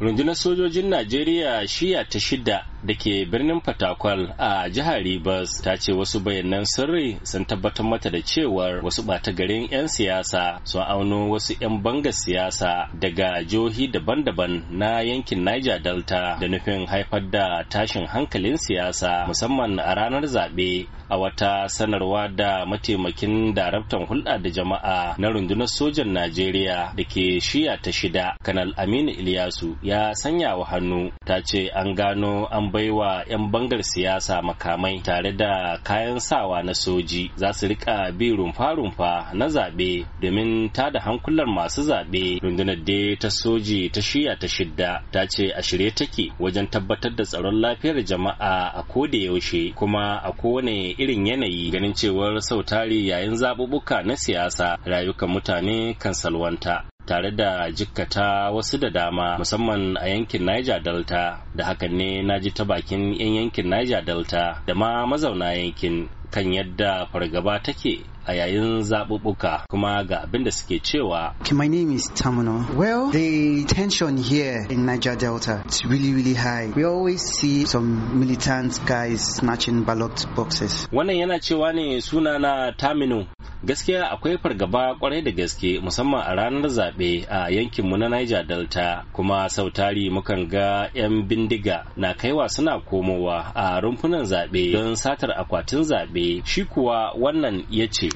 rundunar sojojin najeriya shiya ta shida da ke birnin fatakwal a jihar ribas ta ce wasu bayanan sirri sun tabbatar mata da cewar wasu bata garin 'yan siyasa sun auno wasu 'yan bangar siyasa daga jihohi daban-daban na yankin niger delta da nufin haifar da tashin hankalin siyasa musamman a ranar zaɓe a wata sanarwa da mataimakin daraktan hulɗa da jama'a na rundunar sojan najeriya da ke shiya ta shida kanal aminu iliyasu ya sanya wa hannu ta ce an gano an baiwa 'yan bangar siyasa makamai tare da kayan sawa na soji za su rika bi rumfa-rumfa na zaɓe domin ta da hankular masu zaɓe rundunar da ta soji ta shiya ta shidda ta ce a shirye take wajen tabbatar da tsaron lafiyar jama'a a koda yaushe kuma a kowane irin yanayi ganin cewar sautari yayin zaɓuɓɓuka na siyasa rayukan mutane kan salwanta tare da jikkata wasu da dama musamman a yankin Niger Delta da hakan ne na ji ta bakin 'yan yankin Niger Delta da ma mazauna yankin kan yadda fargaba take a yayin zaɓuɓɓuka kuma ga abin da suke cewa. Okay, my name is Tamuno. Well, the tension here in Niger Delta it's really really high. We always see some militant guys snatching ballot boxes. Wannan yana cewa ne suna na Tamino gaskiya akwai fargaba kwarai da gaske musamman a ranar zaɓe a yankinmu na niger delta kuma sautari mukan ga 'yan bindiga na kaiwa suna komowa a rumfunan zaɓe don satar akwatin zaɓe shi kuwa wannan ya ce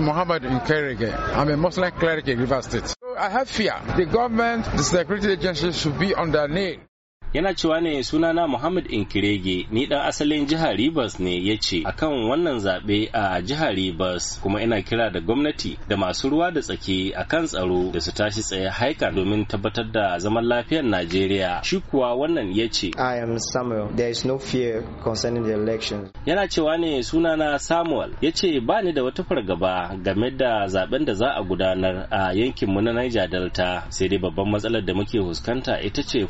Muhammad Nkerege. I'm a Muslim cleric in River State. I have fear. The government, the security agencies should be on their nail. yana cewa ne sunana muhammad inkirege ni dan asalin jihar ribas ne ya ce akan wannan zaɓe a jihar ribas kuma ina kira da gwamnati da masu ruwa da tsaki akan tsaro da su tashi tsaye haika domin tabbatar da zaman lafiyar najeriya shi kuwa wannan ya ce i am samuel there is no fear concerning the election yana cewa ne sunana samuel ya ce ba ni da wata fargaba game da zaben da za a gudanar a yankinmu na niger delta sai dai babban matsalar da muke fuskanta ita ce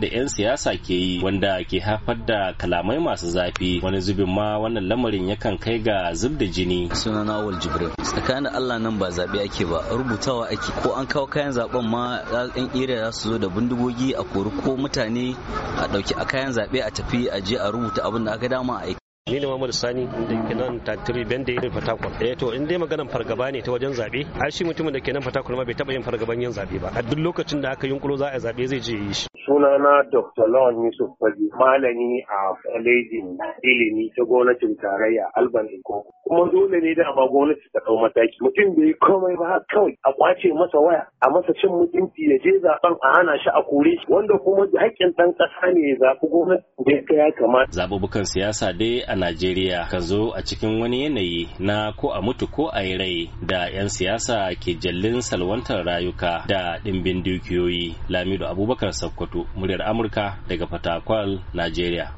da 'yan 'yan siyasa ke yi wanda ke haifar da kalamai masu zafi wani zubin ma wannan lamarin yakan kai ga zub da jini sunana awal jibril tsakanin allah nan ba zaɓe ake ba rubutawa ake ko an kawo kayan zaɓen ma yan ira za su zo da bindigogi a kori ko mutane a ɗauki a kayan zaɓe a tafi a je a rubuta abin da aka dama a ni ne Muhammadu Sani da yake nan ben Bende yin Fatakwal eh to in dai maganar fargaba ne ta wajen zabe ai shi mutumin da ke nan Fatakwal ma bai taba yin fargaban yin zabe ba a duk lokacin da aka yunkuro za a zabe zai je yi shi na Dr. Lawan Yusuf Fadi malami a kwalejin ilimi ta gwamnatin tarayya Alban Iko kuma dole ne da ma gwamnati ta dau mataki mutum bai komai ba kawai a kwace masa waya a masa cin mutunci ya je zaben a hana shi a kore wanda kuma haƙƙin ɗan ƙasa ne ya zaɓi gwamnati da ya kamata zaɓuɓɓukan siyasa dai a Najeriya ka zo a cikin wani yanayi na ko a mutu ko a yi rai da 'yan siyasa ke jallin salwantar rayuka da ɗimbin dukiyoyi. Lamido Abubakar Sokoto, muryar Amurka daga Fatakwal, Najeriya.